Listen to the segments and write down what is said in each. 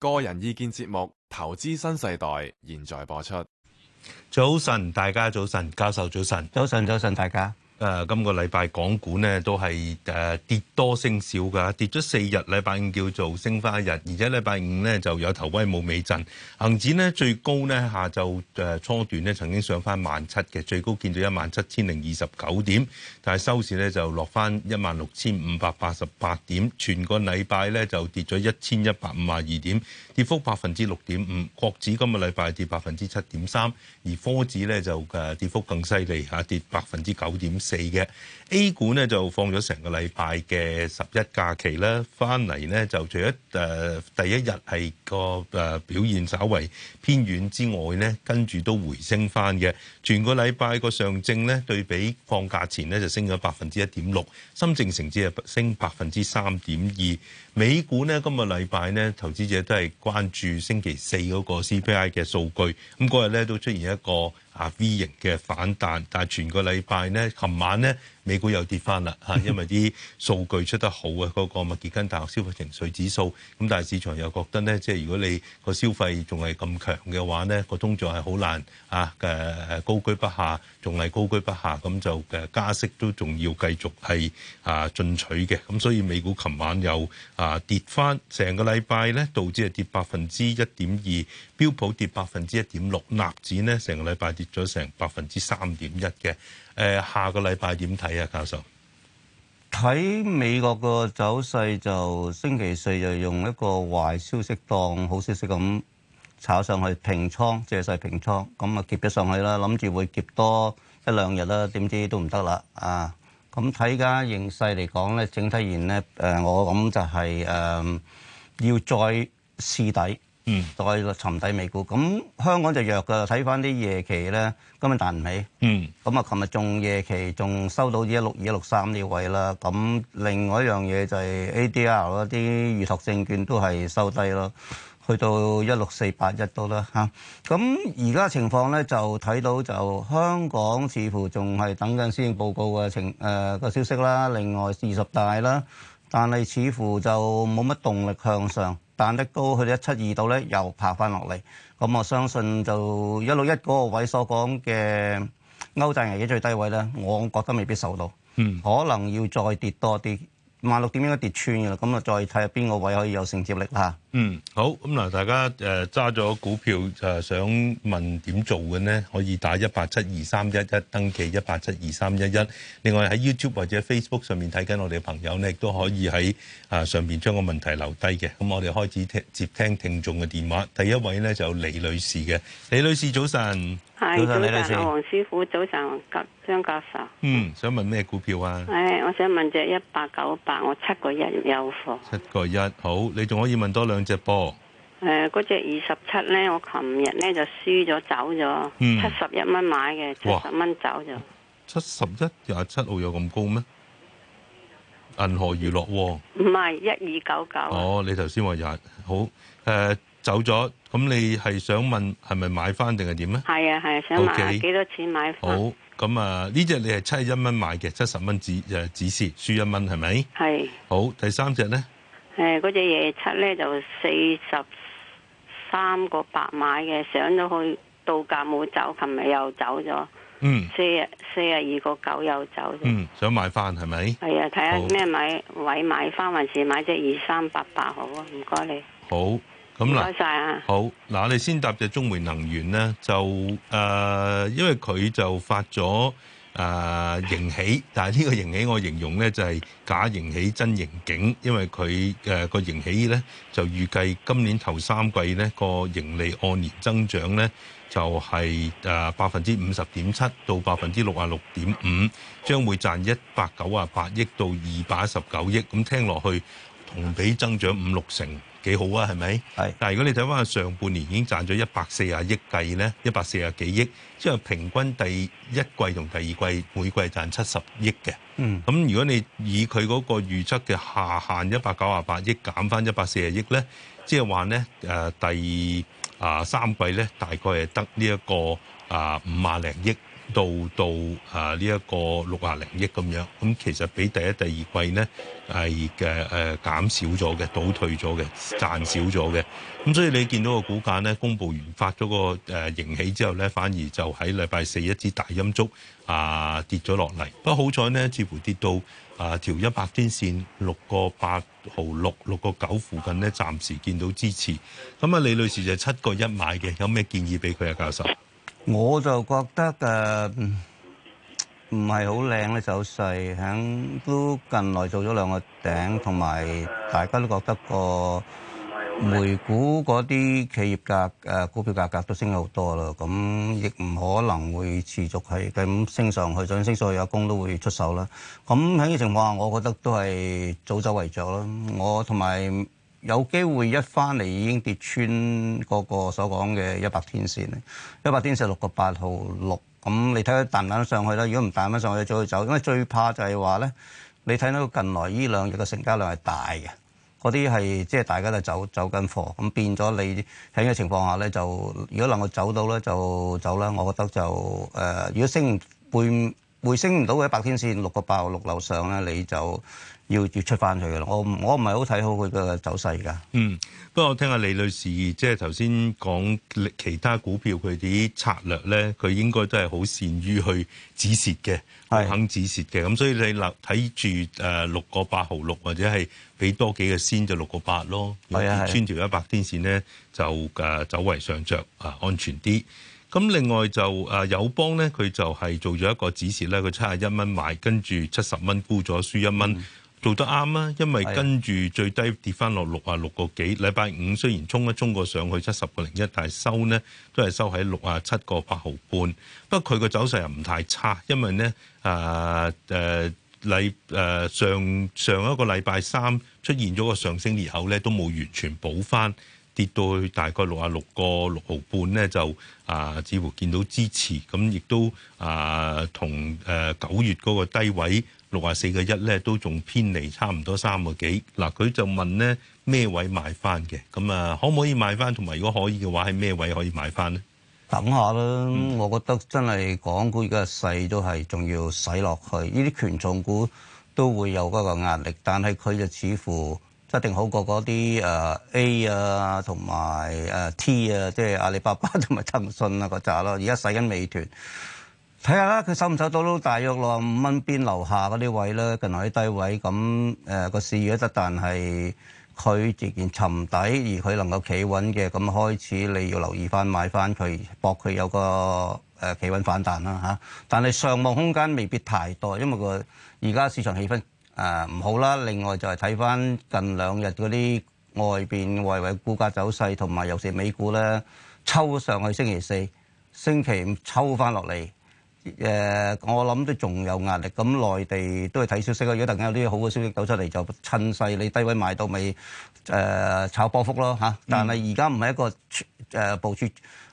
個人意見節目《投資新世代》現在播出。早晨，大家早晨，教授早晨，早晨，早晨，大家。誒、呃，今個禮拜港股呢都係誒、呃、跌多升少㗎，跌咗四日，禮拜五叫做升翻一日，而且禮拜五呢就有頭威冇尾陣。恆指呢最高呢下晝誒初段呢曾經上翻萬七嘅，最高見到一萬七千零二十九點，但係收市呢就落翻一萬六千五百八十八點，全個禮拜呢就跌咗一千一百五十二點，跌幅百分之六點五。國指今個禮拜跌百分之七點三，而科指呢就誒跌幅更犀利嚇，跌百分之九點四嘅 A 股呢就放咗成個禮拜嘅十一假期啦，翻嚟呢，就除咗誒第一日係個誒表現稍為偏軟之外呢，跟住都回升翻嘅。全個禮拜個上證呢，對比放假前呢，就升咗百分之一點六，深證成指啊升百分之三點二。美股呢，今日禮拜今個禮拜呢，投資者都係關注星期四嗰個 CPI 嘅數據。咁嗰日咧都出現一個。啊 V 型嘅反彈，但係全個禮拜咧，琴晚咧。美股又跌翻啦嚇，因為啲數據出得好啊，嗰、嗰個麥傑根大學消費情緒指數。咁但係市場又覺得咧，即係如果你個消費仲係咁強嘅話咧，個通脹係好難嚇誒、啊、高居不下，仲係高居不下。咁就誒加息都仲要繼續係啊進取嘅。咁所以美股琴晚又啊跌翻，成個禮拜咧道指係跌百分之一點二，標普跌百分之一點六，納指咧成個禮拜跌咗成百分之三點一嘅。誒，下個禮拜點睇啊？教授睇美國個走勢，就星期四就用一個壞消息當好消息咁炒上去，平倉，借勢平倉咁啊，劫咗上去啦，諗住會劫多一兩日啦，點知都唔得啦啊！咁睇而家形勢嚟講咧，整體而言咧，誒，我咁就係、是、誒、呃、要再試底。嗯，再沉底美股，咁香港就弱噶，睇翻啲夜期咧，根本彈唔起。嗯，咁啊，琴日仲夜期仲收到一六二一六三呢位啦。咁另外一樣嘢就係 ADR 啦，啲預託證券都係收低咯，去到一六四八一都啦嚇。咁而家情況咧就睇到就香港似乎仲係等緊施政報告嘅情誒個、呃、消息啦，另外二十大啦。但係似乎就冇乜動力向上，彈得高去到一七二度咧，又爬翻落嚟。咁我相信就一六一嗰個位所講嘅歐債危機最低位咧，我覺得未必受到，嗯，可能要再跌多啲，萬六點應該跌穿嘅啦。咁啊，再睇下邊個位可以有承接力啦。嗯，好，咁嗱，大家誒揸咗股票就、呃、想問點做嘅呢？可以打一八七二三一一，登記一八七二三一一。另外喺 YouTube 或者 Facebook 上面睇緊我哋嘅朋友呢，亦都可以喺啊、呃、上面將個問題留低嘅。咁、嗯、我哋開始聽接聽聽眾嘅電話。第一位呢，就李女士嘅，李女士早晨，早晨李，黃師傅早晨，張教授。嗯，想問咩股票啊？誒、哎，我想問隻一八九八，我七個一有貨。七個一好，你仲可以問多兩。隻波，誒、嗯，嗰隻二十七咧，我琴日咧就輸咗走咗，七十一蚊買嘅，七十蚊走咗，七十一廿七號有咁高咩？銀河娛樂，唔係一二九九，哦，你頭先話廿好，誒、呃，走咗，咁你係想問係咪買翻定係點咧？係啊係啊，想買幾 Okay, 多錢買？好，咁、嗯、啊呢隻你係七一蚊買嘅，七十蚊紙誒指示輸一蚊係咪？係，是好，第三隻咧？誒，嗰隻夜七咧就四十三個八買嘅，上咗去度假冇走，琴日又走咗。嗯，四廿四廿二個九又走咗。嗯，想買翻係咪？係啊，睇下咩買位買翻，還是買隻二三八八好啊？唔該你。好，咁啦。唔該晒啊。 好，嗱，你先答隻中煤能源咧，就誒、呃，因為佢就發咗。誒盈、呃、起，但係呢個盈起我形容呢就係假盈起真盈景，因為佢誒個盈起呢，就預計今年頭三季呢個盈利按年增長呢，就係誒百分之五十點七到百分之六十六點五，將會賺一百九十八億到二百一十九億，咁聽落去同比增長五六成。幾好啊，係咪？係是。但係如果你睇翻上半年已經賺咗一百四十億計呢，一百四十幾億，即係平均第一季同第二季每季賺七十億嘅。嗯。咁如果你以佢嗰個預測嘅下限一百九十八億減翻一百四十億呢，即係話呢，誒第啊、呃、三季呢，大概係得呢、這、一個啊五十零億。到到啊呢一、這個六啊零億咁樣，咁其實比第一第二季呢係嘅誒減少咗嘅倒退咗嘅賺少咗嘅，咁、啊、所以你見到個股價呢，公布完發咗、那個誒、啊、盈喜之後呢，反而就喺禮拜四一支大陰燭啊跌咗落嚟，不過好彩呢，似乎跌到啊條一百天線六個八毫六六個九附近呢，暫時見到支持，咁啊李女士就係七個一買嘅，有咩建議俾佢啊教授？我就覺得誒唔係好靚嘅走勢，響都近來做咗兩個頂，同埋大家都覺得個美股嗰啲企業價誒股票價格都升咗好多啦。咁亦唔可能會持續係咁升上去，想升上去有公都會出手啦。咁喺呢情況下，我覺得都係早走為著啦。我同埋。有機會一翻嚟已經跌穿嗰個所講嘅一百天線咧，一百天線六個八號六，咁你睇下彈唔彈得上去啦。如果唔彈翻上去，再走，因為最怕就係話咧，你睇到近來呢兩日嘅成交量係大嘅，嗰啲係即係大家都走走緊貨，咁變咗你喺嘅情況下咧，就如果能夠走到咧就走啦。我覺得就誒、呃，如果升回回升唔到一百天線六個八號六樓上咧，你就。要要出翻去嘅啦，我我唔係好睇好佢嘅走勢㗎。嗯，不過我聽下李女士，即係頭先講其他股票佢啲策略咧，佢應該都係好善於去止蝕嘅，是肯止蝕嘅。咁所以你睇住誒六個八毫六或者係俾多幾個先就六個八咯，穿條一百天線咧就誒走為上着，啊，安全啲。咁另外就誒友邦咧，佢就係做咗一個止蝕咧，佢七十一蚊買，跟住七十蚊沽咗，輸一蚊。嗯。做得啱啦，啊，因為跟住最低跌翻落六啊六個幾，禮拜五雖然衝一衝過上去七十個零一，但係收呢都係收喺六啊七個八毫半。不過佢個走勢又唔太差，因為呢誒誒禮誒上上一個禮拜三出現咗個上升裂口呢都冇完全補翻，跌到去大概六啊六個六毫半呢，就啊、呃、似乎見到支持，咁亦都啊同誒九月嗰個低位。六啊四個一咧，都仲偏離差唔多三個幾。嗱，佢就問咧咩位買翻嘅，咁啊可唔可以買翻？同埋如果可以嘅話，喺咩位可以買翻咧？等下啦，嗯、我覺得真係港股而家細都係仲要使落去，呢啲權重股都會有嗰個壓力，但係佢就似乎一定好過嗰啲誒 A 啊，同埋誒 T 啊，即係阿里巴巴同埋騰訊啊嗰扎咯。而家使緊美團。睇下啦，佢收唔收到都大約六十五蚊邊樓下嗰啲位咧，近來啲低位咁，誒，個市如果得，但係佢直然沉底而佢能夠企穩嘅，咁開始，你要留意翻買翻佢，博佢有個誒企穩反彈啦吓。但係上望空間未必太多，因為個而家市場氣氛誒唔好啦。另外就係睇翻近兩日嗰啲外邊外圍股價走勢，同埋尤其是美股咧，抽上去星期四，星期五抽翻落嚟。誒，我諗都仲有壓力。咁內地都係睇消息啦。如果突然有啲好嘅消息走出嚟，就趁勢你低位買到咪誒、呃、炒波幅咯嚇。但係而家唔係一個誒部署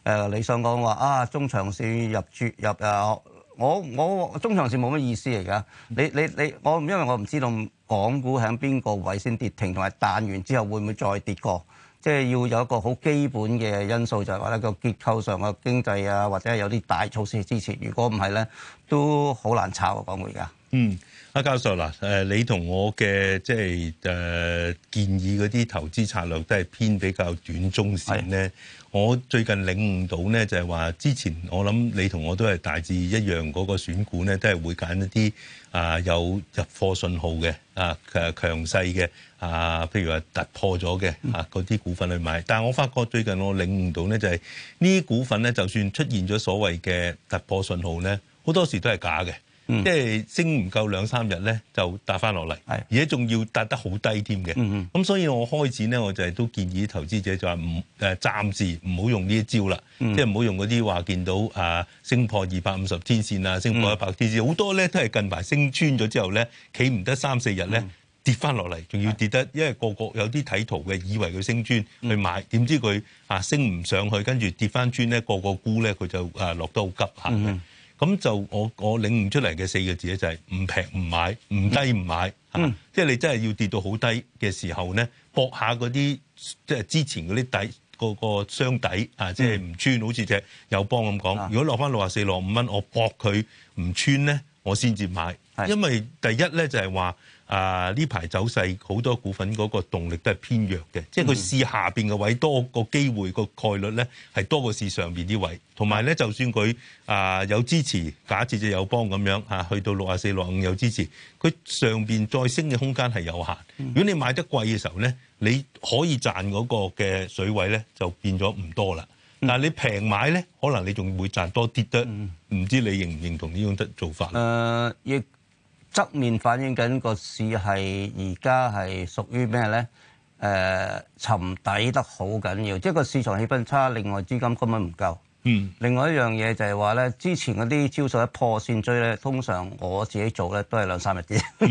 誒理想講話啊中長線入注入誒、啊、我我中長線冇乜意思嚟㗎。你你你我唔因為我唔知道港股喺邊個位先跌停，同埋彈完之後會唔會再跌過？即係要有一個好基本嘅因素，就係話呢個結構上嘅經濟啊，或者係有啲大措施支持。如果唔係咧，都好難炒港元㗎。嗯。阿教授嗱，誒你同我嘅即係誒、呃、建議嗰啲投資策略都係偏比較短中線咧。的我最近領悟到咧，就係話之前我諗你同我都係大致一樣嗰個選股咧，都係會揀一啲啊有入貨信號嘅啊強強勢嘅啊，譬如話突破咗嘅啊嗰啲股份去買。但係我發覺最近我領悟到咧，就係呢股份咧，就算出現咗所謂嘅突破信號咧，好多時都係假嘅。Mm hmm. 即係升唔夠兩三日咧，就跌翻落嚟，的而家仲要跌得好低添嘅。咁、mm hmm. 所以我開始咧，我就係都建議投資者就話唔誒暫時唔好用呢一招啦，mm hmm. 即係唔好用嗰啲話見到啊升破二百五十天線啊，升破一百天線，好、mm hmm. 多咧都係近排升穿咗之後咧，企唔得三四日咧、mm hmm. 跌翻落嚟，仲要跌得，因為個個有啲睇圖嘅以為佢升穿、mm hmm. 去買，點知佢啊升唔上去，跟住跌翻穿咧，個個，個沽咧佢就啊落得好急下咁就我我領悟出嚟嘅四個字咧，就係唔平唔買，唔低唔買，嚇、嗯，啊、即係你真係要跌到好低嘅時候咧，搏下嗰啲即係之前嗰啲底，嗰、嗰個箱底啊，即係唔穿，嗯、好似隻友邦咁講。啊、如果落返六啊四落五蚊，我搏佢唔穿咧，我先至買，是因為第一咧就係話。啊！呢排走勢好多股份嗰個動力都係偏弱嘅，嗯、即係佢試下邊嘅位多個機會個概率咧係多過試上邊啲位，同埋咧就算佢啊有支持，假設友邦咁樣嚇、啊，去到六啊四六五有支持，佢上邊再升嘅空間係有限。嗯、如果你買得貴嘅時候咧，你可以賺嗰個嘅水位咧就變咗唔多啦。嗯、但你平買咧，可能你仲會賺多啲得。唔知你認唔認同呢種嘅做法咧？亦、呃。側面反映緊個市係而家係屬於咩咧？誒、呃，沉底得好緊要，即係個市場氣氛差，另外資金根本唔夠。嗯。另外一樣嘢就係話咧，之前嗰啲招數一破線追咧，通常我自己做咧都係兩三日啫，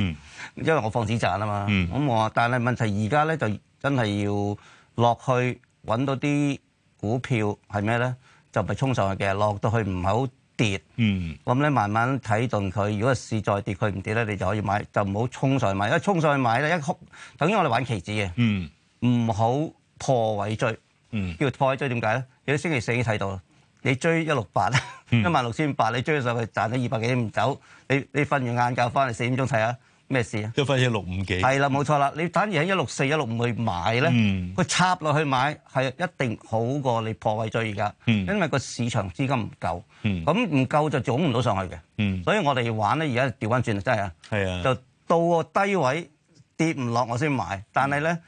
因為我放止賺啊嘛。咁我、嗯，但係問題而家咧就真係要落去揾到啲股票係咩咧？就被沖上去嘅，落到去唔係好跌，咁咧、嗯、慢慢睇準佢。如果市再跌，佢唔跌咧，你就可以買，就唔好衝上去買。因為衝上去買咧一哭，等於我哋玩棋子嘅，唔好、嗯、破位追。嗯、叫破位追點解咧？有啲星期四已經睇到，你追一六八，一萬六千八，你追上去賺咗二百幾，唔走，你你瞓完晏覺翻嚟四點鐘睇下。咩事啊？一翻一六五幾？係啦，冇錯啦。你反而喺一六四、一六五去買咧，佢插落去買係一定好過你破位追噶。因為個市場資金唔夠，咁唔夠就總唔到上去嘅。所以我哋玩咧，而家調翻轉，真係啊，就到個低位跌唔落我先買。但係咧，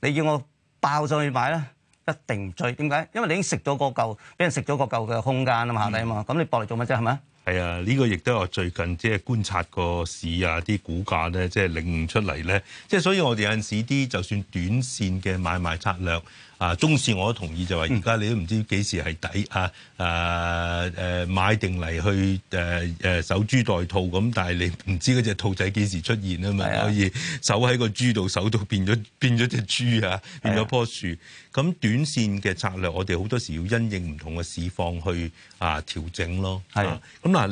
你叫我爆上去買咧，一定唔追。點解？因為你已經食咗個嚿，俾人食咗個嚿嘅空間啊嘛，下底啊嘛。咁你搏嚟做乜啫？係咪啊？係啊，呢個亦都係我最近即係觀察個市啊，啲股價咧，即係領悟出嚟咧，即係所以我哋有陣時啲就算短線嘅買賣策略。啊，中線我都同意，就係而家你都唔知幾時係底啊！啊誒、啊、買定嚟去誒誒、啊啊、守株待兔咁，但係你唔知嗰隻兔仔幾時出現啊嘛，嗯、以可以守喺個豬度，守到變咗變咗隻豬啊，變咗樖樹。咁、嗯、短線嘅策略，我哋好多時要因應唔同嘅市況去啊調整咯。係咁嗱，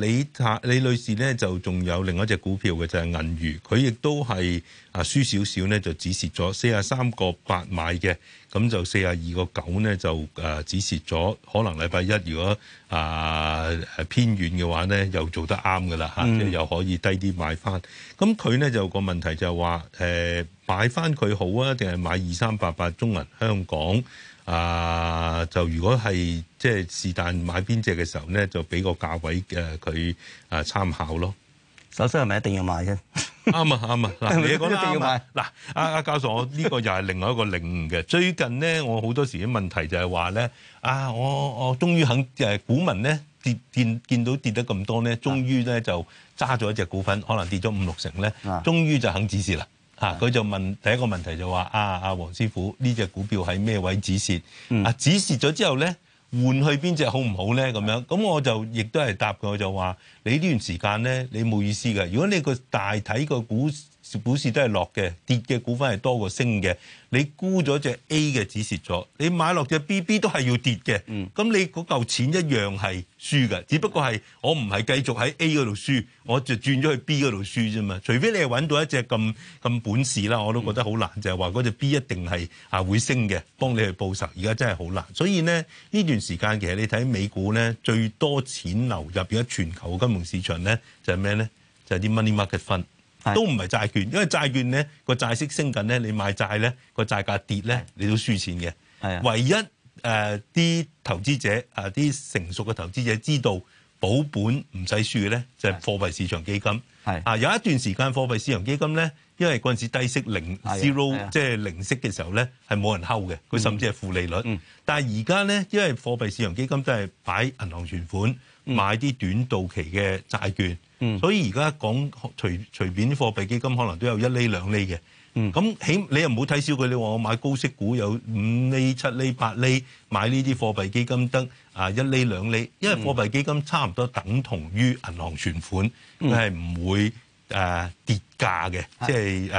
李李女士咧就仲有另一隻股票嘅就啫、是，銀娛，佢亦都係啊輸少少咧，就只蝕咗四十三個八買嘅。43. 43. 43. 咁就四廿二個九咧，就誒止、呃、蝕咗。可能禮拜一如果啊、呃、偏遠嘅話咧，又做得啱嘅啦嚇，嗯啊、又可以低啲買翻。咁佢咧就個問題就係話誒買翻佢好啊，定係買二三八八中銀香港啊、呃？就如果係即係是但、就是、買邊隻嘅時候咧，就俾個價位嘅佢啊參考咯。首先係咪一定要買嘅？ 啱啊啱啊，嗱你講啦，嗱阿阿教授，我、這、呢個又係另外一個另嘅。最近咧，我好多時啲問題就係話咧，啊我我終於肯誒、啊、股民咧跌見見到跌得咁多咧，終於咧就揸咗一隻股份，可能跌咗五六成咧，終於就肯止蝕啦。啊，佢就問第一個問題就話、是、啊，阿、啊、黃師傅呢隻股票喺咩位止蝕啊止蝕咗之後咧，換去邊隻好唔好咧？咁樣，咁我就亦都係答佢，我就話你呢段時間咧，你冇意思嘅。如果你個大體個股，.股市都係落嘅，跌嘅股份係多過升嘅。你沽咗隻 A 嘅，只蝕咗，你買落隻 B B 都係要跌嘅。咁你嗰嚿錢一樣係輸嘅，只不過係我唔係繼續喺 A 嗰度輸，我就轉咗去 B 嗰度輸啫嘛。除非你係揾到一隻咁咁本事啦，我都覺得好難，就係話嗰隻 B 一定係啊會升嘅，幫你去報仇。而家真係好難，所以咧呢段時間，其實你睇美股咧最多錢流入，而家全球嘅金融市場咧就係咩咧？就係啲 Money Market Fund。都唔係債券，因為債券咧個債息升緊咧，你買債咧個債價跌咧，你都輸錢嘅。係的唯一誒啲、呃、投資者啊啲、呃、成熟嘅投資者知道保本唔使輸嘅咧，就係貨幣市場基金。係的啊，有一段時間貨幣市場基金咧，因為嗰陣時低息零即係零息嘅時候咧，係冇人睺嘅，佢甚至係負利率。嗯嗯、但係而家咧，因為貨幣市場基金都係擺銀行存款，買啲短到期嘅債券。嗯、所以而家講隨隨便啲貨幣基金可能都有一厘兩厘嘅，咁、嗯、起你又唔好睇小佢。你話我買高息股有五厘、七厘、八厘，買呢啲貨幣基金得啊一厘兩厘。因為貨幣基金差唔多等同於銀行存款，佢係唔會。誒、呃、跌價嘅，即係誒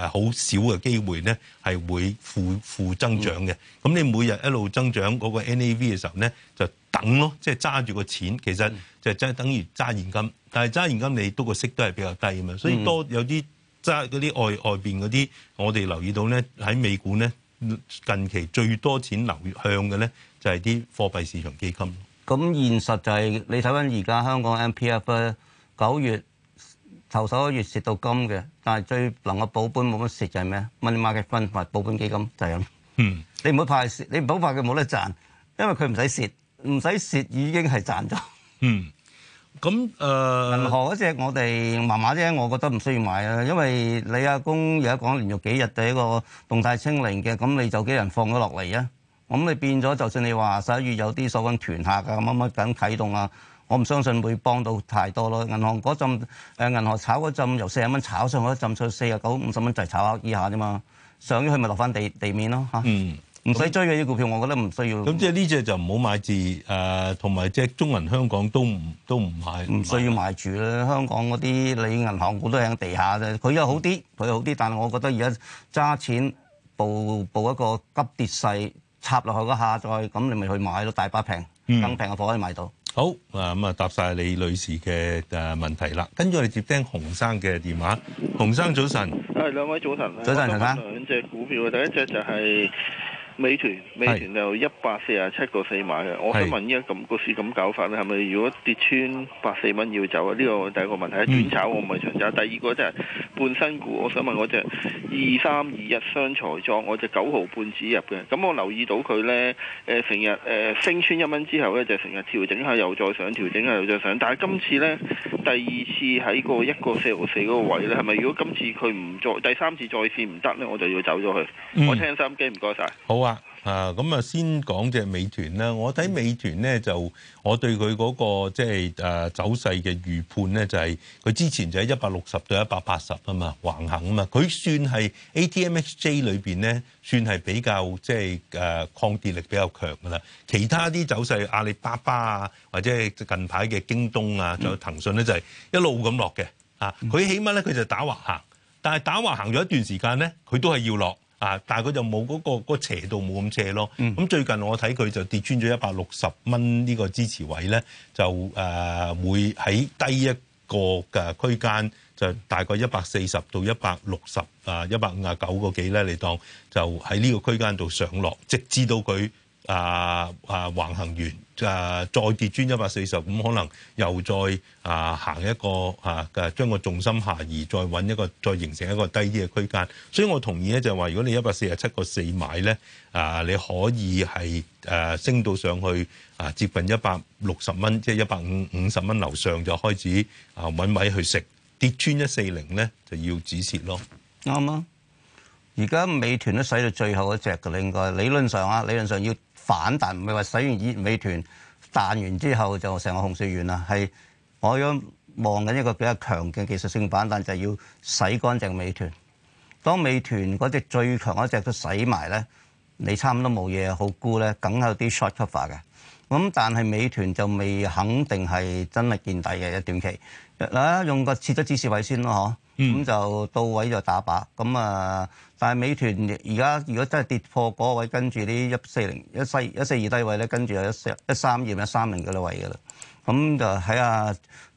好少嘅機會咧，係會負負增長嘅。咁、嗯、你每日一路增長嗰個 NAV 嘅時候咧，就等咯，即係揸住個錢，其實就即係等於揸現金。但係揸現金你都個息都係比較低嘛，所以多有啲揸嗰啲外外邊嗰啲，我哋留意到咧喺美股咧近期最多錢流向嘅咧就係、是、啲貨幣市場基金。咁現實就係、是、你睇翻而家香港 MPF 九月。投手一月蝕到金嘅，但係最能夠保本冇乜蝕就係咩？Money Market Fund 同埋保本基金就係咁。嗯，你唔好怕蝕，你唔好怕佢冇得賺，因為佢唔使蝕，唔使蝕已經係賺咗、嗯。嗯，咁、嗯、誒，銀行嗰隻我哋麻麻啫，我覺得唔需要買啊，因為你阿公而家講連續幾日對一個動態清零嘅，咁你就幾人放咗落嚟啊？咁你變咗，就算你話十一月有啲收緊團客啊，乜乜咁啟動啊？我唔相信會幫到太多咯。銀行嗰陣，誒銀行炒嗰陣，由四十蚊炒上去 49, 炒一陣，再四啊九五十蚊就炒下以下啫嘛。上咗去咪落翻地地面咯嚇。嗯，唔使追嘅啲股票，那我覺得唔需要。咁即係呢隻就唔好買住，誒同埋隻中銀香港都唔都唔買，唔需要買,買住啦。香港嗰啲你銀行股都喺地下啫，佢又好啲，佢又好啲，但係我覺得而家揸錢步報一個急跌勢插落去個下再咁，你咪去買咯，大把平更平嘅貨可以買到。嗯好，咁啊答晒李女士嘅誒問題啦。跟住我哋接聽洪生嘅電話。洪生早晨。誒兩位早晨。早晨，早晨。兩隻股票嘅，第一隻就係。美團，美團就一百四十七個四買嘅。是我想問依家咁個市咁搞法咧，係咪如果跌穿八四蚊要走啊？呢個第一個問題。短炒我唔係長炒。嗯、第二個就係半新股，我想問我隻二三二一雙才撞，我隻九毫半指入嘅。咁我留意到佢咧，誒、呃、成日誒、呃、升穿一蚊之後咧，就成日調整下，又再上，調整下又再上。但係今次咧，第二次喺個一個四毫四嗰個位咧，係咪如果今次佢唔再第三次再試唔得咧，我就要走咗佢。嗯、我聽收音機，唔該晒。好啊。啊，咁啊，先講隻美團啦。我睇美團咧，那個，就我對佢嗰個即係誒走勢嘅預判咧，就是，就係佢之前就喺一百六十到一百八十啊嘛，橫行啊嘛。佢算係 ATMHJ 裏邊咧，算係比較即係誒抗跌力比較強噶啦。其他啲走勢，阿里巴巴啊，或者係近排嘅京東啊，仲有騰訊咧，就係一路咁落嘅。啊，佢起碼咧，佢就打橫行，但係打橫行咗一段時間咧，佢都係要落。啊！但係佢就冇嗰、嗰個斜度冇咁斜咯。咁、嗯、最近我睇佢就跌穿咗一百六十蚊呢個支持位咧，就誒、啊、會喺低一個嘅區間，就大概一百四十到一百六十啊一百五啊九個幾咧，你當就喺呢個區間度上落，直至到佢。啊啊橫行完啊，再跌穿一百四十五，可能又再啊行一個啊嘅、啊、將個重心下移，再揾一個再形成一個低啲嘅區間。所以我同意咧，就係話如果你一百四十七個四買咧，啊你可以係誒、啊、升到上去啊接近一百六十蚊，即係一百五五十蚊樓上就開始啊揾位去食，跌穿一四零咧，就要止蝕咯。啱啊、嗯！而家美團都使到最後一隻㗎啦，應該理論上啊，理論上要。反彈唔係話洗完以美團彈完之後就成個紅水完啦，係我樣望緊一個比較強嘅技術性反彈，就係、是、要洗乾淨美團。當美團嗰隻最強嗰隻都洗埋咧，你差唔多冇嘢好沽咧，梗係有啲 short cover 嘅。咁但係美團就未肯定係真係見底嘅一段期。嗱，用個切咗止蝕位先咯，嗬。咁、嗯嗯、就到位就打靶，咁、嗯、啊，但係美團而家如果真係跌破嗰位，跟住呢一四零一四一四二低位咧，跟住有一四一三二、一三零嘅位嘅啦。咁就睇下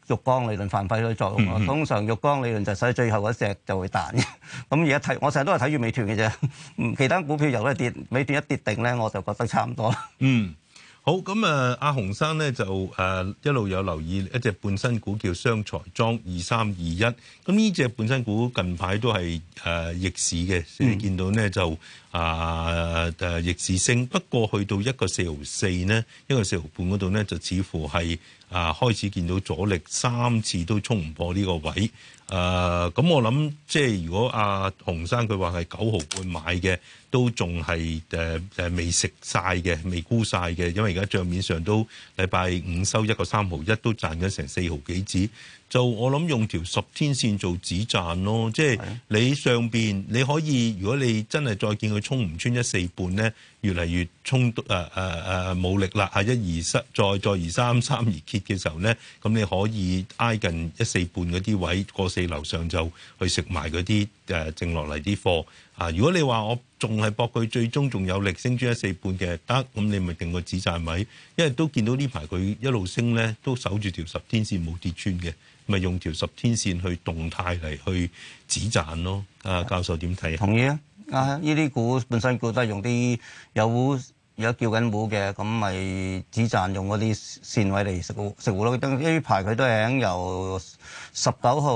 浴缸理論發揮咗作用。嗯、通常浴缸理論就使最後嗰隻就會彈嘅。咁而家睇，嗯、 我成日都係睇住美團嘅啫。其他股票由都跌，美團一跌定咧，我就覺得差唔多啦。嗯。好咁啊！阿洪生咧就誒、啊、一路有留意一隻半新股叫雙財莊二三二一，咁呢隻半新股近排都係誒、啊、逆市嘅，你、嗯、見到咧就。啊，uh, 逆市升，不過去到一個四毫四咧，一個四毫半嗰度呢就似乎係啊、uh, 開始見到阻力，三次都衝唔破呢個位。啊、uh, 嗯，咁我諗即係如果阿、uh, 洪生佢話係九毫半買嘅，都仲係誒誒未食晒嘅，未沽晒嘅，因為而家帳面上都禮拜五收一個三毫一，都賺咗成四毫幾紙。就我諗用條十天線做止賺咯，即係你上邊你可以，如果你真係再見佢衝唔穿一四半呢，越嚟越衝誒誒誒冇力啦，啊一而再再而三三而竭嘅時候呢，咁你可以挨近一四半嗰啲位過四樓上就去食埋嗰啲誒剩落嚟啲貨啊！如果你話我仲係搏佢最終仲有力升穿一四半嘅得，咁你咪定個止賺位，因為都見到呢排佢一路升呢，都守住條十天線冇跌穿嘅。咪用條十天線去動態嚟去止賺咯，啊教授點睇同意啊！啊，依啲股本身股都係用啲有糊有叫緊糊嘅，咁咪止賺用嗰啲線位嚟食食糊咯。依排佢都係喺由十九號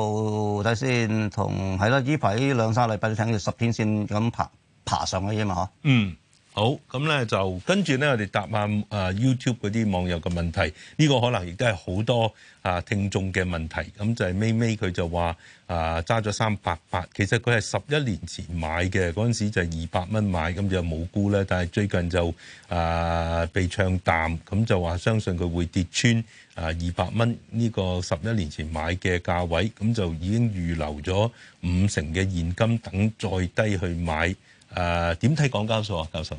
睇先，同係咯。呢排依兩三禮拜都睇到十天線咁爬爬上去啫嘛，嗯。好，咁咧就跟住咧，我哋答下啊 YouTube 嗰啲網友嘅問題。呢個可能亦都係好多啊聽眾嘅問題。咁就係咪咪，佢就話啊揸咗三八八，其實佢係十一年前買嘅，嗰陣時就係二百蚊買，咁就冇沽咧。但係最近就啊被唱淡，咁就話相信佢會跌穿啊二百蚊呢個十一年前買嘅價位，咁就已經預留咗五成嘅現金等再低去買。誒點睇港交所啊，教授？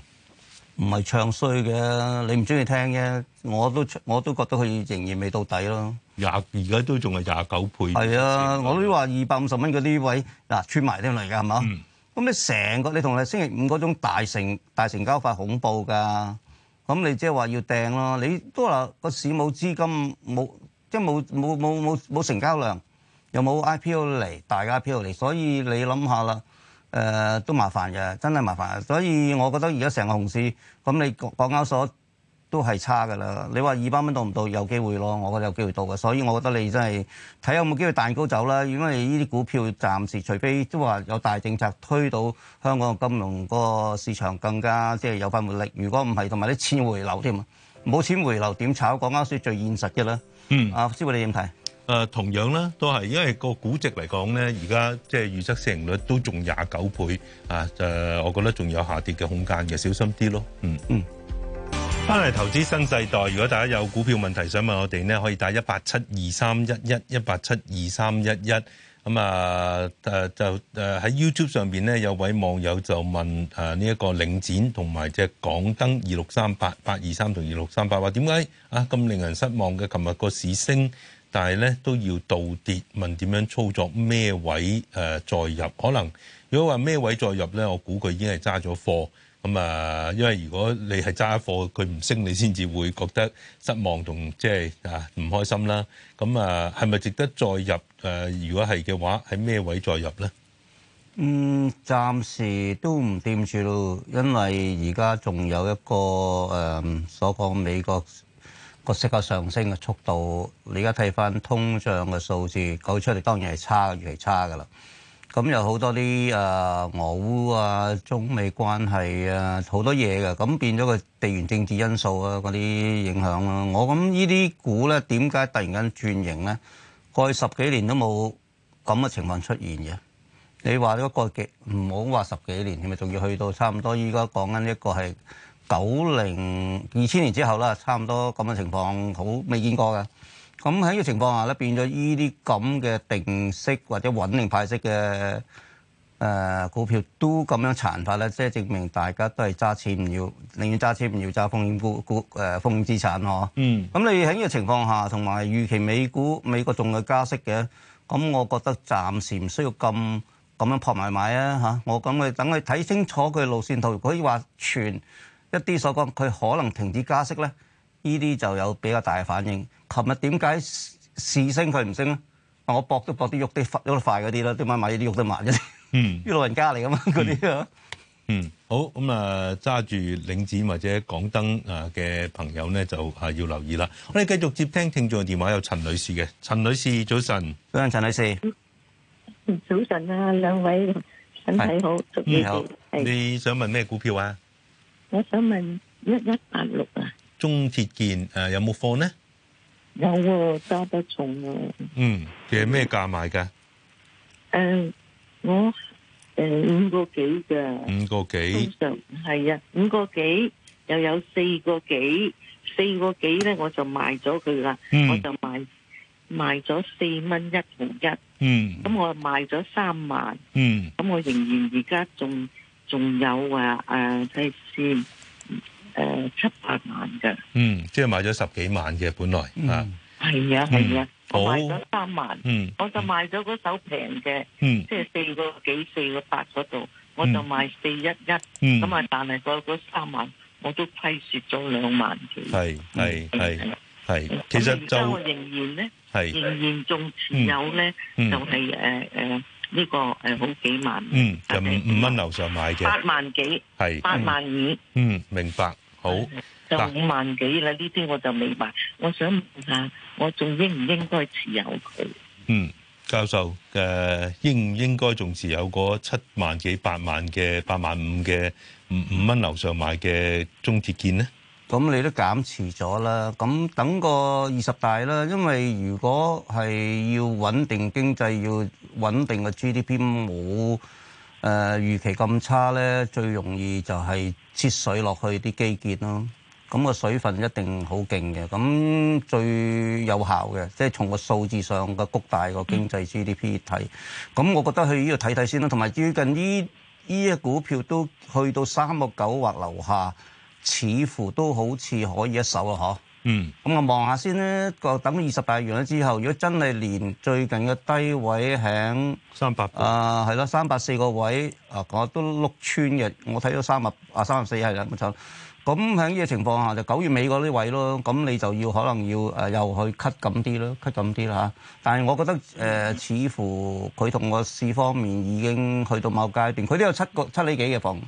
唔係唱衰嘅，你唔中意聽嘅，我都我都覺得佢仍然未到底咯。廿而家都仲係廿九倍。係啊，我都話二百五十蚊嗰啲位，嗱穿埋啲嚟㗎係嘛？咁、嗯、你成個你同你星期五嗰種大成大成交法恐怖㗎。咁你即係話要掟咯？你都話個市冇資金冇，即係冇冇冇冇冇成交量，又冇 IPO 嚟，大嘅 IPO 嚟，所以你諗下啦。誒、呃、都麻煩嘅，真係麻煩。所以我覺得而家成個熊市，咁你港交所都係差嘅啦。你話二百蚊到唔到？有機會咯，我覺得有機會到嘅。所以我覺得你真係睇有冇機會彈高走啦。如果你呢啲股票暫時，除非都話有大政策推到香港個金融個市場更加即係有返活力。如果唔係，同埋啲錢回流添啊，冇錢回流點炒？港交所最現實嘅啦。嗯，啊，師傅你點睇？誒、呃、同樣啦，都係因為個估值嚟講咧，而家即係預測市盈率都仲廿九倍啊。誒，我覺得仲有下跌嘅空間嘅，小心啲咯。嗯嗯，翻嚟投資新世代。如果大家有股票問題想問我哋咧，可以打一八七二三一一一八七二三一一咁啊。誒就誒喺、啊啊、YouTube 上邊咧，有位網友就問誒呢一個領展同埋即係港燈二六三八八二三同二六三八，話點解啊咁令人失望嘅？琴日個市升。但係咧都要倒跌，問點樣操作？咩位誒、呃、再入？可能如果話咩位再入咧，我估佢已經係揸咗貨。咁、嗯、啊，因為如果你係揸貨，佢唔升，你先至會覺得失望同即係啊唔開心啦。咁、嗯、啊，係咪值得再入？誒、呃，如果係嘅話，喺咩位再入咧？嗯，暫時都唔掂住咯，因為而家仲有一個誒、呃、所講美國。個息價上升嘅速度，你而家睇翻通脹嘅數字，講出嚟當然係差，越嚟越差㗎啦。咁有好多啲啊、呃、俄烏啊、中美關係啊，好多嘢嘅，咁變咗個地緣政治因素啊，嗰啲影響咯、啊。我諗呢啲股咧，點解突然間轉型咧？過去十幾年都冇咁嘅情況出現嘅。你話咗、這個幾唔好話十幾年，係咪仲要去到差唔多，依家講緊一個係。九零二千年之後啦，差唔多咁嘅情況好未見過嘅。咁喺呢個情況下咧，變咗呢啲咁嘅定息或者穩定派息嘅誒、呃、股票都咁樣殘化咧，即、就、係、是、證明大家都係揸錢唔要，寧願揸錢唔要揸風險股股誒、呃、風險資產咯。嗯，咁你喺呢個情況下，同埋預期美股美國仲係加息嘅，咁我覺得暫時唔需要咁咁樣撲埋買啊嚇。我咁去等佢睇清楚佢路線圖，可以話全。一啲所講，佢可能停止加息咧，呢啲就有比較大嘅反應。琴日點解市升佢唔升咧？嗱，我搏都搏啲郁啲甩得快嗰啲啦，點解買啲郁都慢咗啲。嗯，啲老人家嚟噶嘛嗰啲啊。嗯，好咁啊，揸住領展或者港燈啊嘅朋友咧，就啊要留意啦。我哋繼續接聽聽眾嘅電話，有陳女士嘅。陳女士，早晨。早晨，陳女士。早晨啊，兩位身體好，你是、嗯、好。是你想問咩股票啊？我想問一一八六啊，中鐵建誒有冇貨呢？有，揸得重啊！嗯，係咩價賣嘅？誒，我誒五個幾嘅，五個幾，係啊，五個幾又有四個幾，四個幾咧我就賣咗佢啦，我就賣賣咗四蚊一同一，嗯，咁我賣咗三萬，嗯，咁我仍然而家仲。仲有啊，誒，即係先誒七八萬嘅，嗯，即係買咗十幾萬嘅本來啊，係啊係啊，我賣咗三萬，嗯，我就賣咗嗰手平嘅，嗯，即係四個幾四個八嗰度，我就賣四一一，咁啊，但係嗰三萬我都虧蝕咗兩萬幾，係係係係，其實我仍然咧，仍然仲持有咧，就係誒誒。呢個誒好幾萬，嗯，就五蚊樓上買嘅，八萬幾，係八萬五，嗯，嗯，明白，好，就五萬幾啦。呢啲，啊，我就未買，我想問下，我仲應唔應該持有佢？嗯，教授，誒、呃，應唔應該仲持有嗰七萬幾八萬嘅八萬五嘅五五蚊樓上買嘅中鐵建呢？咁你都減持咗啦，咁等個二十大啦，因為如果係要穩定經濟、要穩定嘅 GDP 冇誒預期咁差咧，最容易就係切水落去啲基建咯。咁個水分一定好勁嘅，咁最有效嘅，即係從個數字上嘅谷大個經濟 GDP 睇。咁我覺得去呢度睇睇先啦，同埋最近呢呢啲股票都去到三個九或樓下。似乎都好似可以一手啊！嗬，嗯，咁我望下先咧，個等二十大完咗之後，如果真係連最近嘅低位喺三百啊，係咯，三百四個位啊，我都碌穿嘅。我睇到三百啊，三百四係啦，冇錯。咁喺呢個情況下就九月尾嗰啲位咯，咁你就要可能要誒又去 cut 緊啲咯，cut 緊啲啦嚇。但係我覺得誒似乎佢同我市方面已經去到某階段，佢都有七個七厘幾嘅房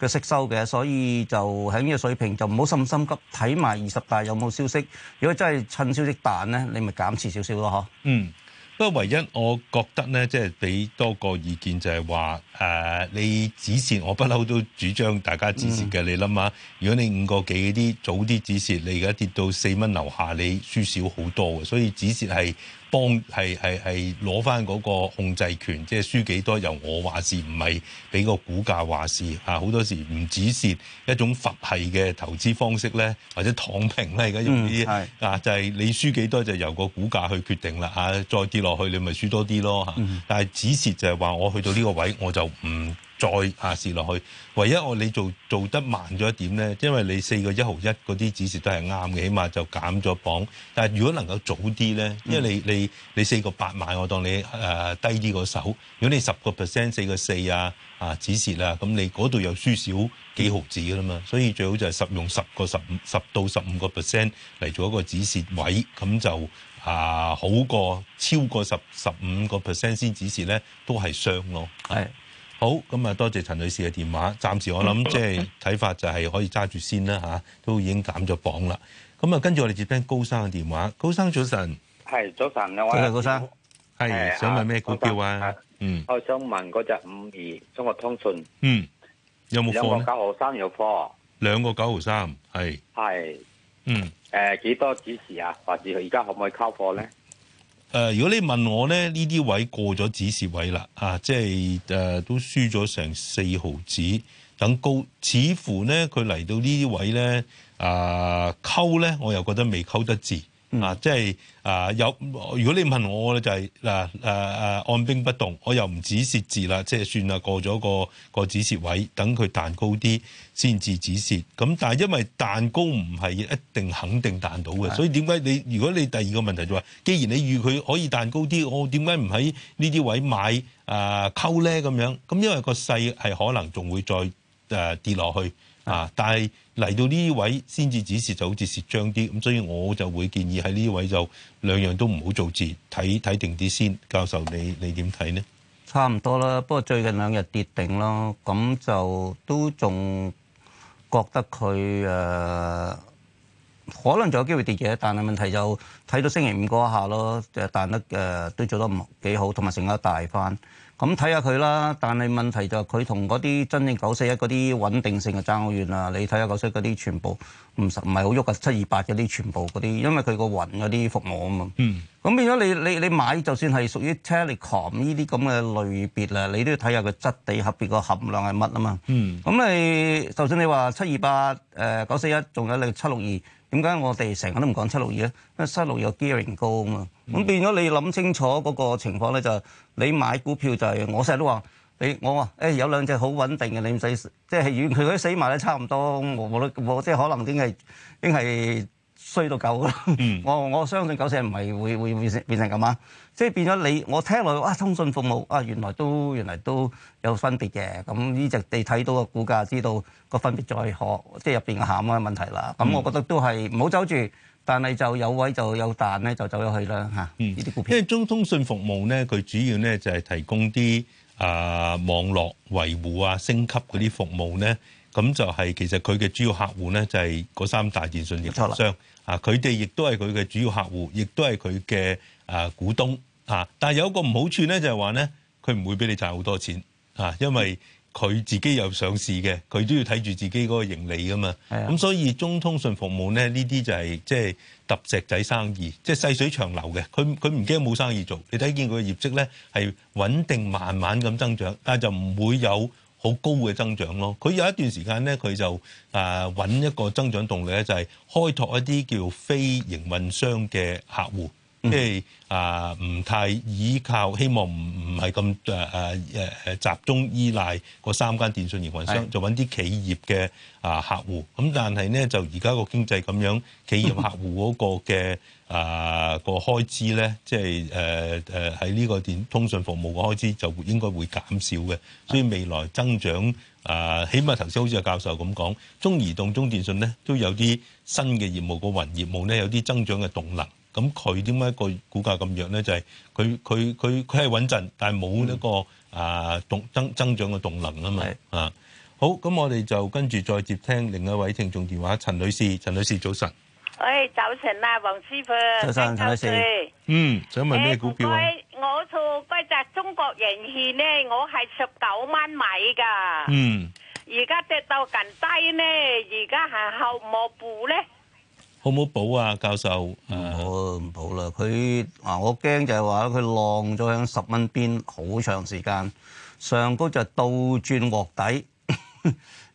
嘅吸收嘅，所以就喺呢個水平就唔好咁心急，睇埋二十大有冇消息。如果真係趁消息彈咧，你咪減持少少咯，嗬？嗯。不過，唯一我覺得咧，即係俾多個意見就係話，誒、呃，你止蝕，我不嬲都主張大家止蝕嘅。你諗下，如果你五個幾嗰啲早啲止蝕，你而家跌到四蚊樓下，你輸少好多嘅。所以止蝕係。幫係係係攞翻嗰個控制權，即係輸幾多由我話事，唔係俾個股價話事嚇。好多時唔止蝕，一種佛系嘅投資方式咧，或者躺平咧而家用啲啊，就係你輸幾多就由個股價去決定啦嚇。再跌落去你咪輸多啲咯嚇。啊嗯、但係止蝕就係話我去到呢個位我就唔。再下蝕落去，唯一我你做做得慢咗一點咧，因為你四個一毫一嗰啲指示都係啱嘅，起碼就減咗磅。但係如果能夠早啲咧，因為你你你四個八萬，我當你誒、呃、低啲個手。如果你十個 percent 四個四啊啊指示啦，咁你嗰度又輸少幾毫子㗎嘛，所以最好就係十用十個十五十到十五個 percent 嚟做一個指示位，咁就啊、呃、好過超過十十五個 percent 先指示咧，都係傷咯。係。好，咁啊，多謝陳女士嘅電話，暫時我諗即係睇法就係可以揸住先啦吓，都已經減咗磅啦。咁啊，跟住我哋接聽高生嘅電話，高生早晨。係早晨嘅我，早晨，係想問咩股票啊？嗯，我想問嗰隻五二中國通訊，嗯，有冇貨咧？兩個九毫三有貨，兩個九毫三係係，嗯，誒，幾多指示啊？或者而家可唔可以溝貨咧？誒、呃，如果你問我咧，呢啲位過咗指示位啦，啊，即係誒、呃、都輸咗成四毫子，等高，似乎咧佢嚟到呢啲位咧，啊、呃，溝咧，我又覺得未溝得字。嗱、嗯，即係啊，有、呃、如果你問我咧，就係、是、嗱，誒、呃、誒、呃，按兵不動，我又唔止蝕字啦，即係算啦，過咗個個止蝕位，等佢彈高啲先至止蝕。咁但係因為彈高唔係一定肯定彈到嘅，所以點解你如果你，如果你第二個問題就話、是，既然你預佢可以彈高啲，我點解唔喺呢啲位買啊溝咧咁樣？咁因為個勢係可能仲會再誒跌落去。啊！但係嚟到呢位先至止蝕，就好似蝕張啲，咁所以我就會建議喺呢位就兩樣都唔好做字，睇睇定啲先。教授你你點睇呢？差唔多啦，不過最近兩日跌定咯，咁就都仲覺得佢誒。呃可能仲有機會跌嘅，但係問題就睇到星期五嗰一下咯，誒彈得誒都做得唔幾好，同埋成交大翻。咁睇下佢啦，但係問題就佢同嗰啲真正九四一嗰啲穩定性嘅爭好遠啦。你睇下九四一嗰啲全部唔唔係好喐啊，七二八嗰啲全部嗰啲，因為佢個雲嗰啲服務啊嘛。嗯。咁變咗你你你買就算係屬於 telecom 呢啲咁嘅類別啦，你都要睇下個質地、合別個含量係乜啊嘛。嗯。咁你就算你話七二八誒九四一，仲有你七六二。點解我哋成日都唔講七六二咧？因為七六二有 gearing 高啊嘛，咁變咗你諗清楚嗰個情況咧，就你買股票就係、是、我成日都話你，我話誒、欸、有兩隻好穩定嘅，你唔使即係與佢啲死埋都差唔多，我冇得，我即係可能點係點係。衰到夠咯！ 我我相信九成唔係會會，會變成變成咁啊，即係變咗你我聽落哇，通訊服務啊，原來都原來都有分別嘅。咁呢只地睇到個股價，知道個分別再學，即係入邊嘅餡嘅問題啦。咁我覺得都係唔好走住，但係就有位就有彈咧，就走咗去啦嚇。呢啲股票因為中通訊服務咧，佢主要咧就係、是、提供啲啊網絡維護啊升級嗰啲服務咧。咁就係其實佢嘅主要客戶咧，就係、是、嗰三大電信業商錯啊，佢哋亦都係佢嘅主要客戶，亦都係佢嘅啊股東啊。但係有一個唔好處咧，就係話咧，佢唔會俾你賺好多錢啊，因為佢自己有上市嘅，佢都要睇住自己嗰個盈利噶嘛。咁的、啊、所以中通訊服務咧，呢啲就係即係揼石仔生意，即、就、係、是、細水長流嘅。佢佢唔驚冇生意做，你睇見佢嘅業績咧係穩定慢慢咁增長，但係就唔會有。好高嘅增長咯，佢有一段時間咧，佢就誒揾、啊、一個增長動力咧，就係、是、開拓一啲叫非營運商嘅客戶，嗯、即係啊唔太依靠，希望唔唔係咁誒誒誒誒集中依賴嗰三間電信營運商，是就揾啲企業嘅啊客戶，咁、啊、但係咧，就而家個經濟咁樣，企業客戶嗰個嘅。 啊，個開支咧，即係誒誒，喺、呃、呢、啊、個電通訊服務個開支就應該會減少嘅，所以未來增長啊，起碼頭先好似阿教授咁講，中移動、中電信咧都有啲新嘅業務，個雲業務咧有啲增長嘅動能。咁佢點解個股價咁弱咧？就係佢佢佢佢係穩陣，但係冇一個啊動增增長嘅動能啊嘛。嗯、啊，好，咁我哋就跟住再接聽另一位聽眾電話，陳女士，陳女士，陳女士早晨。誒，早晨啊，黃師傅，早晨，早晨，嗯，想問咩股票啊？我做嗰隻中國燃氣咧，我係十九蚊買噶，嗯，而家跌到近低咧，而家係好冇補咧，好唔好補啊？教授，我唔補啦，佢啊，我驚就係話佢浪咗響十蚊邊好長時間，上高就倒轉鑊底。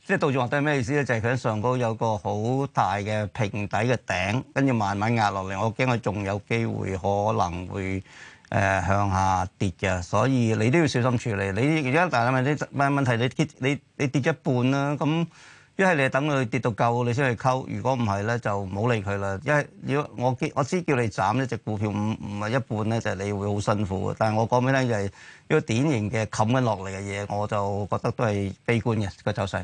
即係到底係咩意思咧？就係佢喺上高有個好大嘅平底嘅頂，跟住慢慢壓落嚟。我驚佢仲有機會可能會誒、呃、向下跌嘅，所以你都要小心處理。你而家但係咪？但係問題你跌你你跌一半啦，咁一係你等佢跌到夠你先去溝。如果唔係咧，就唔好理佢啦。因為如果我我知叫你斬呢隻股票唔唔係一半咧，就係、是、你會好辛苦。但係我講緊咧就係一個典型嘅冚緊落嚟嘅嘢，我就覺得都係悲觀嘅個走勢。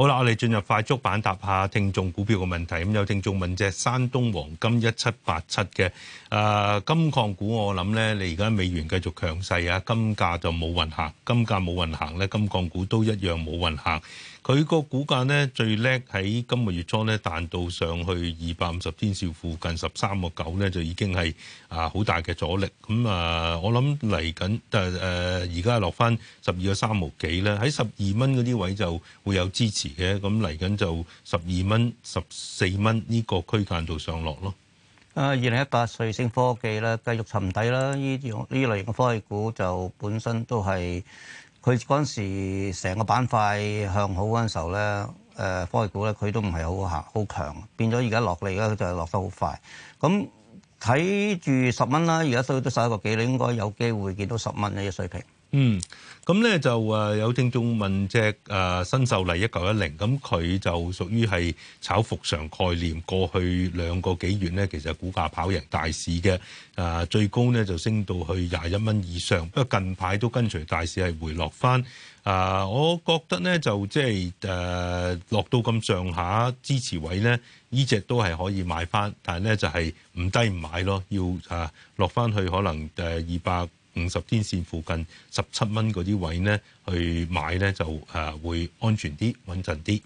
好啦，我哋進入快速版答下聽眾股票嘅問題。咁、嗯、有聽眾問隻，山東黃金一七八七嘅誒金礦股我呢，我諗咧，你而家美元繼續強勢啊，金價就冇運行，金價冇運行咧，金礦股都一樣冇運行。佢個股價呢，最叻喺今個月初呢彈到上去二百五十天線附近十三個九咧，就已經係啊好大嘅阻力。咁啊、呃，我諗嚟緊誒誒而家落翻十二個三毫幾啦，喺十二蚊嗰啲位就會有支持。嘅，咁嚟緊就十二蚊、十四蚊呢個區間度上落咯。啊，二零一八瑞星科技啦，繼續沉底啦。呢呢類型嘅科技股就本身都係佢嗰陣時成個板塊向好嗰陣時候咧，誒、呃、科技股咧，佢都唔係好行好強，變咗而家落嚟咧，佢就係落得好快。咁睇住十蚊啦，而家收都十一個幾，你應該有機會見到十蚊呢個水平。嗯，咁咧就誒有聽眾問隻誒、啊、新秀麗一九一零，咁佢就屬於係炒復常概念，過去兩個幾月呢，其實股價跑贏大市嘅，誒、啊、最高呢就升到去廿一蚊以上，不過近排都跟隨大市係回落翻。誒、啊，我覺得呢，就即係誒落到咁上下支持位呢，呢隻都係可以買翻，但係呢，就係、是、唔低唔買咯，要誒、啊、落翻去可能誒二百五十天線附近十七蚊嗰啲位咧，去買咧就誒、啊、會安全啲穩陣啲。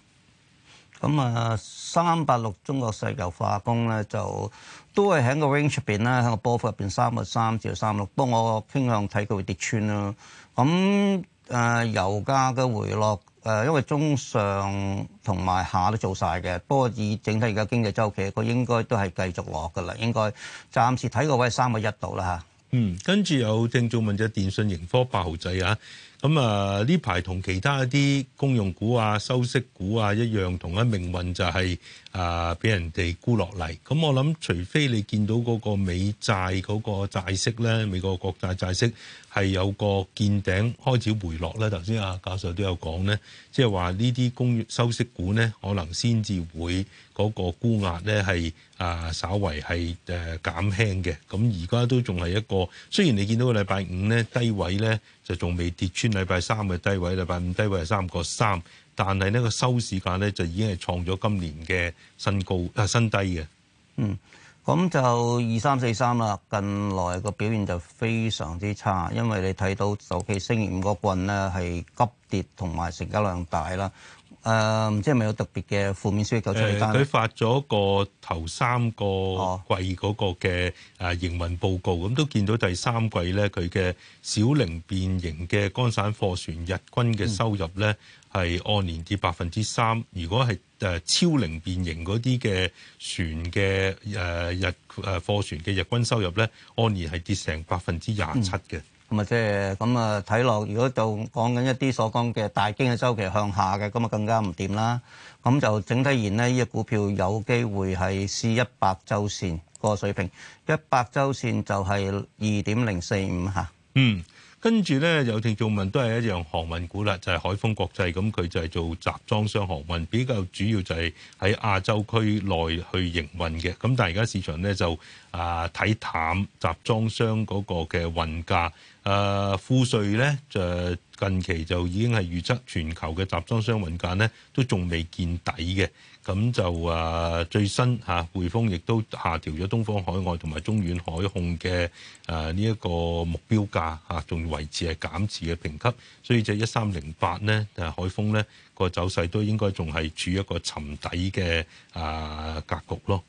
咁啊，三八六中國石油化工咧就都係喺個 range 入邊啦，喺個波幅入邊三八三至到三六。不過我傾向睇佢會跌穿咯。咁誒、啊、油價嘅回落誒、啊，因為中上同埋下都做晒嘅，不過以整體而家經濟周期，佢應該都係繼續落噶啦，應該暫時睇個位三八一度啦吓。啊嗯，跟住有聽眾問隻電訊盈科八號仔啊。咁啊！呢排同其他一啲公用股啊、收息股啊一樣，同一命運就係啊俾人哋沽落嚟。咁我諗，除非你見到嗰個美債嗰個債息咧，美國國債債息係有個見頂開始回落咧。頭先啊教授都有講咧，即係話呢啲公用收息股咧，可能先至會嗰個沽壓咧，係啊稍為係誒減輕嘅。咁而家都仲係一個，雖然你見到個禮拜五咧低位咧。仲未跌穿禮拜三嘅低位，禮拜五低位係三個三，但係呢個收市價呢就已經係創咗今年嘅新高啊新低嘅。嗯。咁就二三四三啦。近來個表現就非常之差，因為你睇到首期星期五個棍咧，係急跌同埋成交量大啦。誒、呃，唔知係咪有特別嘅負面消息出嚟？誒、呃，佢發咗個頭三個季嗰個嘅誒營運報告，咁、哦、都見到第三季咧，佢嘅小靈便型嘅乾散貨船日均嘅收入咧。嗯係按年跌百分之三，如果係誒超靈便型嗰啲嘅船嘅誒、呃、日誒貨船嘅日均收入咧，按年係跌成百分之廿七嘅。咁啊，即係咁啊，睇落、就是、如果就講緊一啲所講嘅大經濟周期向下嘅，咁啊更加唔掂啦。咁就整體而言呢，呢、這、隻、個、股票有機會係試一百週線個水平。一百週線就係二點零四五嚇。嗯。跟住咧，有聽眾問都係一樣航運股啦，就係、是、海豐國際咁，佢就係做集裝箱航運，比較主要就係喺亞洲區內去營運嘅。咁但係而家市場咧就啊睇、呃、淡集裝箱嗰個嘅運價。誒、呃，富瑞咧誒，近期就已經係預測全球嘅集裝箱運價咧都仲未見底嘅。咁就啊最新嚇，匯豐亦都下調咗東方海外同埋中遠海控嘅誒呢一個目標價，嚇，仲維持係減持嘅評級。所以就一三零八咧，誒海豐咧個走勢都應該仲係處於一個沉底嘅啊格局咯。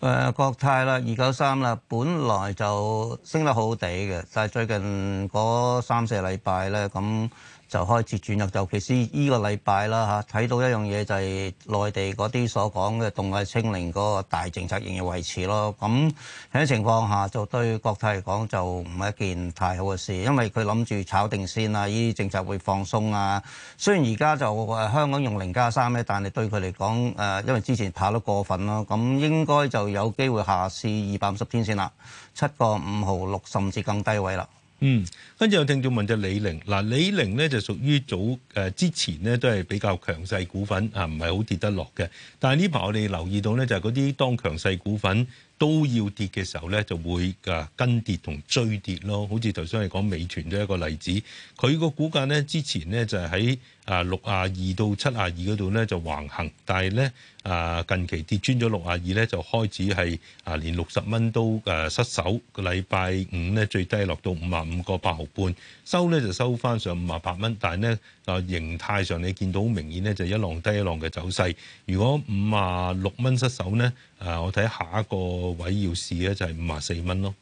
誒國泰啦，二九三啦，本來就升得好好哋嘅，但係最近嗰三四個禮拜咧咁。就開始轉入，尤其是呢個禮拜啦嚇，睇到一樣嘢就係內地嗰啲所講嘅動態清零嗰個大政策仍然維持咯。咁喺情況下就對國泰嚟講就唔係一件太好嘅事，因為佢諗住炒定先啊，呢啲政策會放鬆啊。雖然而家就誒香港用零加三咧，3，但係對佢嚟講誒，因為之前跑得過分咯，咁應該就有機會下試二百五十天線啦，七個五毫六甚至更低位啦。嗯，跟住有聽眾問就李寧嗱，李寧咧就屬於早誒之前咧都係比較強勢股份啊，唔係好跌得落嘅。但係呢排我哋留意到咧，就係嗰啲當強勢股份都要跌嘅時候咧，就會啊跟跌同追跌咯。好似頭先我哋講美團都一個例子，佢個股價咧之前咧就係喺，啊六啊二到七啊二嗰度咧就橫行，但係咧啊近期跌穿咗六啊二咧就開始係啊連六十蚊都誒失守。個禮拜五咧最低落到五啊五個八毫半收咧就收翻上五啊八蚊，但係咧啊形態上你見到好明顯咧就一浪低一浪嘅走勢，如果五啊六蚊失守咧啊我睇下一個位要試咧就係五啊四蚊咯。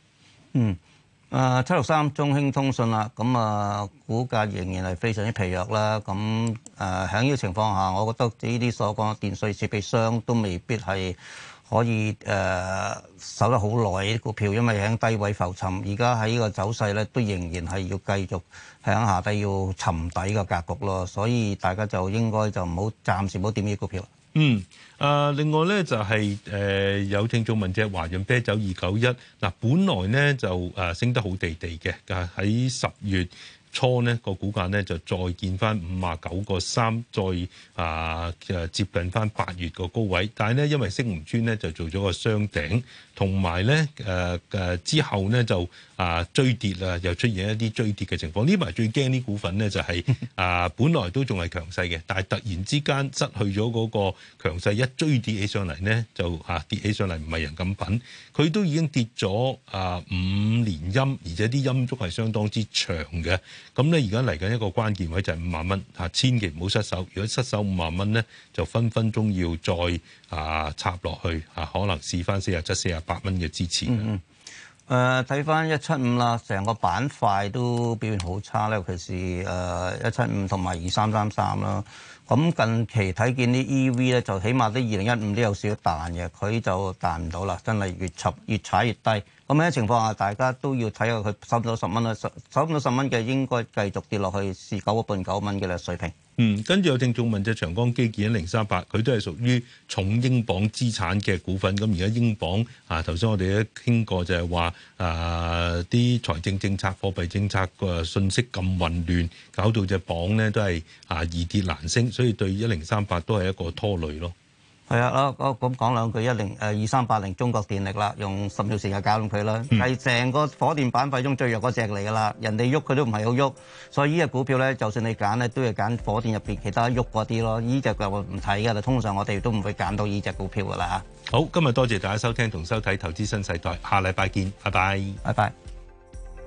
嗯。誒七六三中興通訊啦，咁、嗯、啊股價仍然係非常之疲弱啦。咁誒響呢個情況下，我覺得呢啲所講嘅電訊設備商都未必係可以誒、呃、守得好耐啲股票，因為喺低位浮沉。而家喺呢個走勢咧，都仍然係要繼續喺下低要沉底嘅格局咯。所以大家就應該就唔好暫時唔好點呢啲股票。嗯，啊，另外咧就係、是、誒、呃、有聽眾問隻華潤啤酒二九一，嗱，本來咧就誒、啊、升得好地地嘅，但喺十月初呢，個股價咧就再見翻五啊九個三，再啊接近翻八月個高位，但係咧因為升唔穿咧就做咗個雙頂。同埋咧，誒誒、啊啊、之後咧就啊追跌啊，又出現一啲追跌嘅情況。呢排最驚啲股份咧就係、是、啊，本來都仲係強勢嘅，但係突然之間失去咗嗰個強勢，一追跌起上嚟咧就啊跌起上嚟唔係人咁品，佢都已經跌咗啊五連陰，而且啲陰足係相當之長嘅。咁咧而家嚟緊一個關鍵位就係五、啊、萬蚊，嚇千祈唔好失手。如果失手五萬蚊咧，就分分鐘要再啊插落去，嚇、啊、可能試翻四廿七、四廿。百蚊嘅支持，嗯嗯，誒睇翻一七五啦，成個板塊都表現好差咧，尤其是誒一七五同埋二三三三啦。咁近期睇見啲 EV 咧，就起碼啲二零一五都有少少彈嘅，佢就彈唔到啦，真係越插越踩越低。咁樣情況下，大家都要睇下佢收唔到十蚊啦，收唔到十蚊嘅應該繼續跌落去四九個半九蚊嘅啦水平。嗯，跟住有聽眾問隻長江基建一零三八，佢都係屬於重英鎊資產嘅股份。咁而家英鎊啊，頭先我哋都傾過就係話啊啲財政政策、貨幣政策嘅信息咁混亂，搞到隻鎊咧都係啊易跌難升。所以對一零三八都係一個拖累咯。係啊，我咁講兩句一零誒二三八零中國電力啦，用十秒時間搞掂佢啦。係成個火電板塊中最弱嗰隻嚟噶啦，人哋喐佢都唔係好喐，所以呢隻股票咧，就算你揀咧，都係揀火電入邊其他喐嗰啲咯。呢隻我唔睇噶啦，通常我哋都唔會揀到呢隻股票噶啦嚇。好，今日多謝大家收聽同收睇《投資新世代》，下禮拜見，拜拜，拜拜。